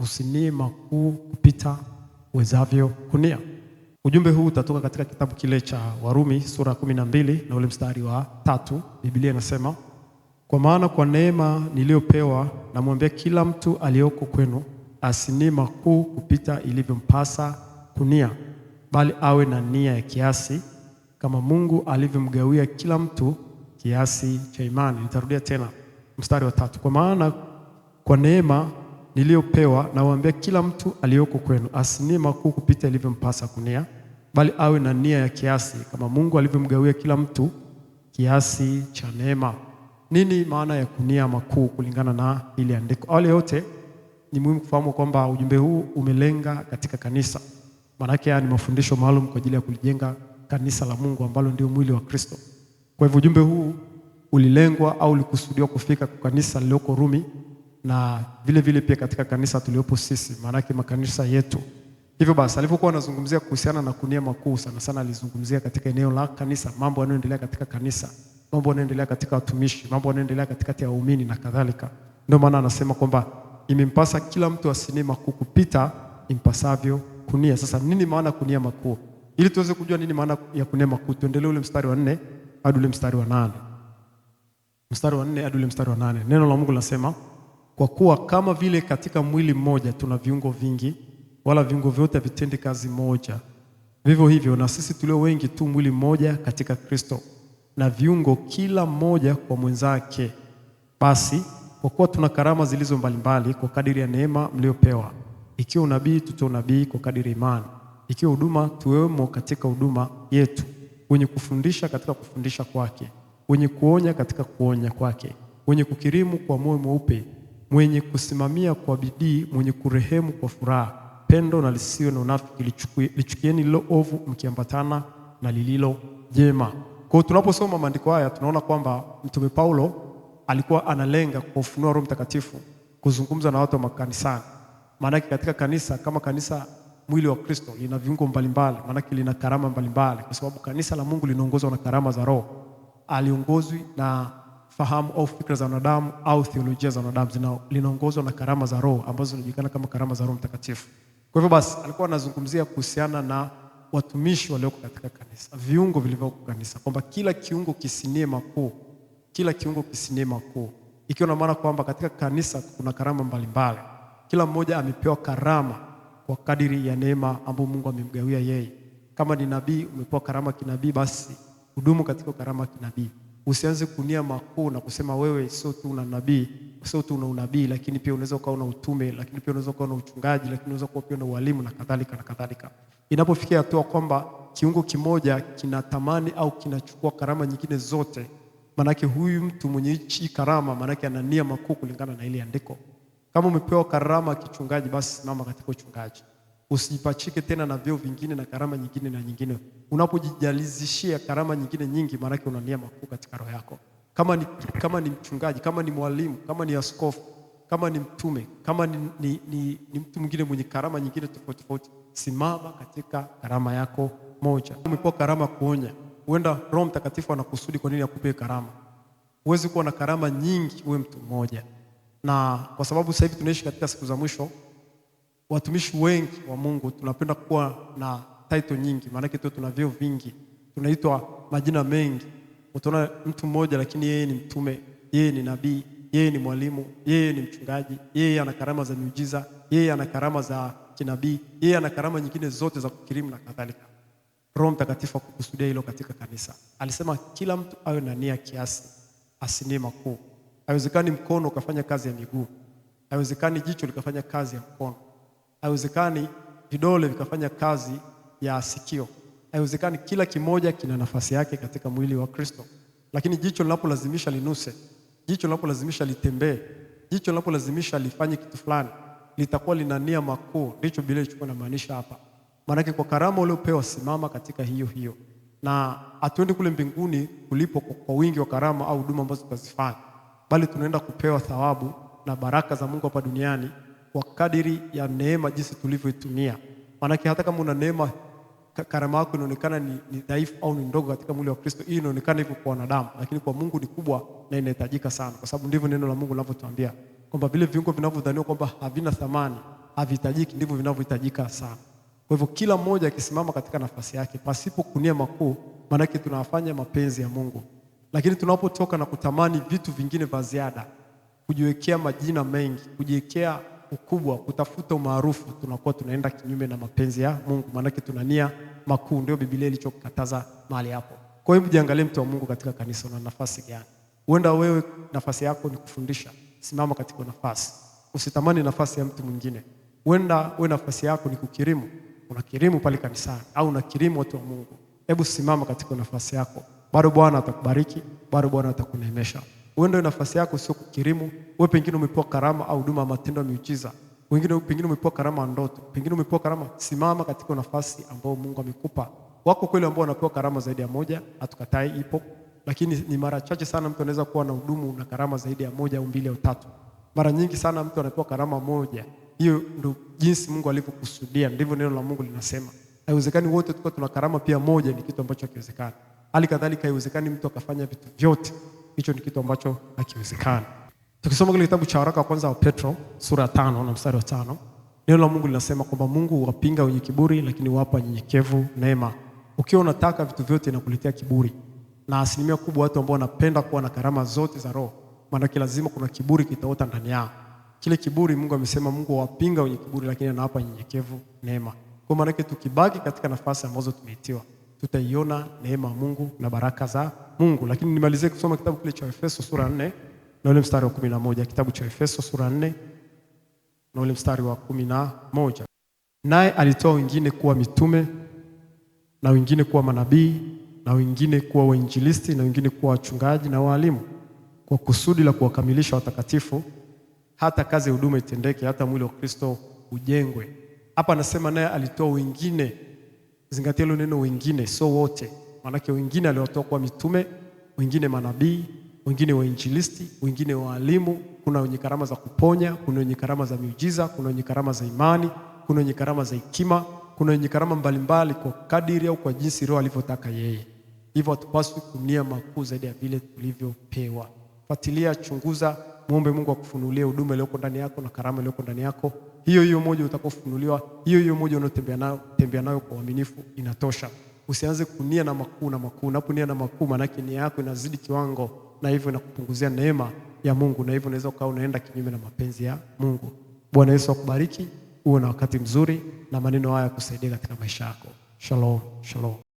Kusinii makuu kupita uwezavyo kunia. Ujumbe huu utatoka katika kitabu kile cha Warumi sura ya kumi na mbili na ule mstari wa tatu. Biblia inasema kwa maana kwa neema niliyopewa namwambia kila mtu aliyoko kwenu asinii makuu kupita ilivyompasa kunia, bali awe na nia ya kiasi, kama Mungu alivyomgawia kila mtu kiasi cha imani. Nitarudia tena mstari wa tatu, kwa maana kwa neema niliyopewa na waambia kila mtu aliyoko kwenu asinie makuu kupita ilivyompasa kunia, bali awe na nia ya kiasi, kama Mungu alivyomgawia kila mtu kiasi cha neema. Nini maana ya kunia makuu kulingana na ile andiko? Awali yote ni muhimu kufahamu kwamba ujumbe huu umelenga katika kanisa, maanake haya ni mafundisho maalum kwa ajili ya kulijenga kanisa la Mungu ambalo ndio mwili wa Kristo. Kwa hivyo ujumbe huu ulilengwa au ulikusudiwa kufika kwa kanisa lililoko Rumi na vile vile pia katika kanisa tuliopo sisi, maanake makanisa yetu. Hivyo basi alipokuwa anazungumzia kuhusiana na kunia makuu, sana sana alizungumzia katika eneo la kanisa, mambo yanayoendelea katika kanisa, mambo yanayoendelea katika watumishi, mambo yanayoendelea katikati ya waumini na kadhalika. Ndio maana anasema kwamba imempasa kila mtu asinie makuu kupita impasavyo kunia. Sasa nini maana kunia makuu? Ili tuweze kujua nini maana ya kunia makuu, tuendelee ule mstari wa nne hadi ule mstari wa nane mstari wa nne hadi ule mstari wa nane Neno la Mungu linasema kwa kuwa kama vile katika mwili mmoja tuna viungo vingi, wala viungo vyote havitendi kazi moja, vivyo hivyo na sisi tulio wengi tu mwili mmoja katika Kristo, na viungo kila mmoja kwa mwenzake. Basi kwa kuwa tuna karama zilizo mbalimbali kwa kadiri ya neema mliopewa, ikiwa unabii, tutoe unabii kwa kadiri ya imani; ikiwa huduma, tuwemo katika huduma yetu; wenye kufundisha, katika kufundisha kwake; wenye kuonya, katika kuonya kwake; wenye kukirimu kwa moyo mweupe mwenye kusimamia kwa bidii, mwenye kurehemu kwa furaha, pendo na lisiwe na unafiki, lichukieni lilo ovu, mkiambatana na lililo jema. Kwa tunaposoma maandiko haya tunaona kwamba mtume Paulo alikuwa analenga kwa ufunuo wa Roho Mtakatifu kuzungumza na watu wa makanisani. Maanake katika kanisa kama kanisa mwili wa Kristo lina viungo mbalimbali, maanake lina karama mbalimbali, kwa sababu kanisa la Mungu linaongozwa na karama za Roho, aliongozwi na fahamu au fikra za wanadamu au theolojia za wanadamu, linaongozwa na karama za Roho ambazo zinajulikana kama karama za Roho Mtakatifu. Kwa hivyo basi, alikuwa anazungumzia kuhusiana na watumishi walioko katika kanisa, viungo vilivyoko kanisa, kwamba kila kiungo kisinie makuu, kila kiungo kisinie makuu, ikiwa na maana kwamba katika kanisa kuna karama mbalimbali, mbali. kila mmoja amepewa karama kwa kadiri ya neema ambayo Mungu amemgawia yeye. Kama ni nabii, umepewa karama kinabii, basi hudumu katika karama kinabii Usianze kunia makuu na kusema wewe sio tu una nabii, sio tu una unabii, lakini pia unaweza ukawa na utume, lakini pia unaweza ukawa na uchungaji, lakini unaweza kuwa pia na ualimu na kadhalika na kadhalika. Inapofikia hatua kwamba kiungo kimoja kinatamani au kinachukua karama nyingine zote, maanake huyu mtu mwenye hichi karama, maanake ana nia makuu kulingana na ile andiko. Kama umepewa karama kichungaji, basi simama katika uchungaji usipachike tena na vyeo vingine na karama nyingine na nyingine. Unapojijalizishia karama nyingine nyingi, maanake unania makuu katika roho yako. Kama ni, kama ni mchungaji, kama ni mwalimu, kama ni askofu, kama ni mtume, kama ni, ni, ni, ni mtu mwingine mwenye karama nyingine tofauti tofauti, simama katika karama yako moja. Umepewa karama kuonya, huenda Roho Mtakatifu anakusudi kwa nini akupe karama. Huwezi kuwa na karama nyingi uwe mtu mmoja, na kwa sababu sasa hivi tunaishi katika siku za mwisho watumishi wengi wa Mungu tunapenda kuwa na title nyingi, maanake tu tuna vyeo vingi, tunaitwa majina mengi. Utaona mtu mmoja lakini yeye ni mtume, yeye ni nabii, yeye ni mwalimu, yeye ni mchungaji, yeye ana karama za miujiza, yeye ana karama za kinabii, yeye ana karama nyingine zote za kukirimu na kadhalika. Roho Mtakatifu akukusudia hilo katika kanisa. Alisema kila mtu awe na nia kiasi, asinie makuu. Haiwezekani mkono ukafanya kazi ya miguu, haiwezekani jicho likafanya kazi ya mkono. Haiwezekani vidole vikafanya kazi ya sikio. Haiwezekani, kila kimoja kina nafasi yake katika mwili wa Kristo. Lakini jicho linapolazimisha linuse, jicho linapolazimisha litembee, jicho linapolazimisha lifanye kitu fulani, litakuwa lina nia makuu. Ndicho Biblia ilichokuwa inamaanisha hapa. Maanake kwa karama uliopewa, simama katika hiyo hiyo, na hatuendi kule mbinguni kulipo kwa wingi wa karama au huduma ambazo tutazifanya, bali tunaenda kupewa thawabu na baraka za Mungu hapa duniani kwa kadiri ya neema, jinsi tulivyoitumia. Maanake hata kama una neema, karama yako inaonekana ni, ni dhaifu au ni ndogo katika mwili wa Kristo. Hii inaonekana hivyo kwa wanadamu, lakini kwa Mungu ni kubwa na inahitajika sana, kwa sababu ndivyo neno la Mungu linavyotuambia kwamba vile viungo vinavyodhaniwa kwamba havina thamani, havihitajiki, ndivyo vinavyohitajika sana. Kwa hivyo kila mmoja akisimama katika nafasi yake pasipo kunia makuu, maanake tunafanya mapenzi ya Mungu. Lakini tunapotoka na kutamani vitu vingine vya ziada, kujiwekea majina mengi, kujiwekea ukubwa, kutafuta umaarufu, tunakuwa tunaenda kinyume na mapenzi ya Mungu, maanake tunania makuu. Ndio Biblia ilichokataza mahali hapo. Kwa hiyo mjiangalie, mtu wa Mungu katika kanisa, una nafasi gani? Huenda wewe nafasi yako ni kufundisha, simama katika nafasi, usitamani nafasi ya mtu mwingine. Huenda wewe nafasi yako ni kukirimu, unakirimu pale kanisani au unakirimu watu wa Mungu. Hebu simama katika nafasi yako, bado Bwana atakubariki, bado Bwana atakuneemesha. Wewe ndio nafasi yako, sio kukirimu. Wewe pengine umepewa karama au huduma ya matendo ya miujiza, wengine pengine umepewa karama ndoto, pengine umepewa karama. Simama katika nafasi ambayo Mungu amekupa. Wako kweli ambao wanapewa karama zaidi ya moja, hatukatai, ipo, lakini ni mara chache sana mtu anaweza kuwa na hudumu na karama zaidi ya moja au mbili au tatu. Mara nyingi sana mtu anapewa karama moja. Hiyo ndio jinsi Mungu alivyokusudia, ndivyo neno la Mungu linasema. Haiwezekani wote tukawa tuna karama pia moja, ni kitu ambacho hakiwezekani. Hali kadhalika haiwezekani mtu akafanya vitu vyote Hicho ni kitu ambacho hakiwezekani. Tukisoma kile kitabu cha waraka wa kwanza wa Petro sura ya tano na mstari wa tano neno la Mungu linasema kwamba Mungu huwapinga wenye kiburi, lakini huwapa nyenyekevu neema. Ukiwa unataka vitu vyote inakuletea kiburi, na asilimia kubwa watu ambao wanapenda kuwa na karama zote za Roho, maanake lazima kuna kiburi kitaota ndani yao. Kile kiburi Mungu amesema, Mungu huwapinga wenye kiburi, lakini anawapa nyenyekevu neema. Kwa maanake tukibaki katika nafasi ambazo tumeitiwa, tutaiona neema ya Mungu na baraka za Mungu. Lakini nimalizie kusoma kitabu kile cha Efeso sura nne na ule mstari wa kumi na moja kitabu cha Efeso sura 4 na ule mstari wa kumi na moja naye alitoa wengine kuwa mitume na wengine kuwa manabii na wengine kuwa wainjilisti na wengine kuwa wachungaji na waalimu kwa kusudi la kuwakamilisha watakatifu hata kazi ya huduma itendeke, hata mwili wa Kristo ujengwe. Hapa anasema naye alitoa wengine, zingatia hilo neno wengine, so wote Maanake wengine kuwa mitume, wengine manabii, wengine wainjilisti, wengine waalimu. Kuna wenye karama za kuponya, kuna wenye karama za miujiza, kuna wenye karama za imani, kuna wenye karama za hekima, kuna wenye karama mbalimbali kwa kadiri au kwa jinsi Roho alivyotaka yeye. Hivyo hatupaswi kunia makuu zaidi ya vile tulivyopewa. Fuatilia, chunguza, muombe Mungu akufunulie huduma iliyoko ndani yako na karama iliyoko ndani yako. Hiyo hiyo moja utakaofunuliwa, hiyo hiyo moja unaotembea nayo, tembea nayo kwa uaminifu, inatosha. Usianze kunia na makuu na makuu. Unaponia na makuu, maanake nia yako inazidi kiwango, na hivyo inakupunguzia neema ya Mungu, na hivyo unaweza ukawa unaenda kinyume na mapenzi ya Mungu. Bwana Yesu akubariki, uwe na wakati mzuri na maneno haya yakusaidia katika maisha yako. Shalom, shalom.